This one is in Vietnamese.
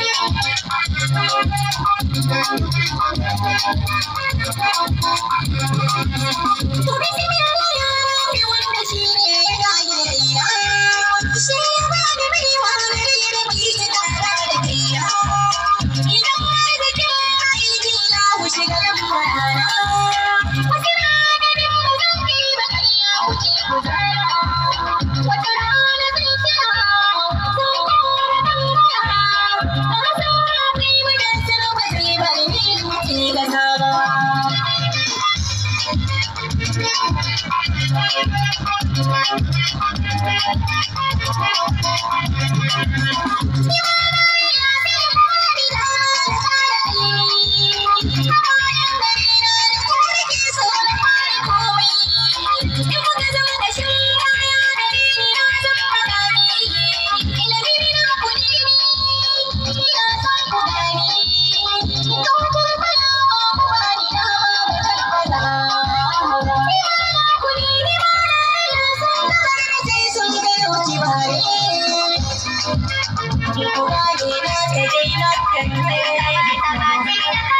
Thank you. Thank you. Ni ne ni na ta a na kan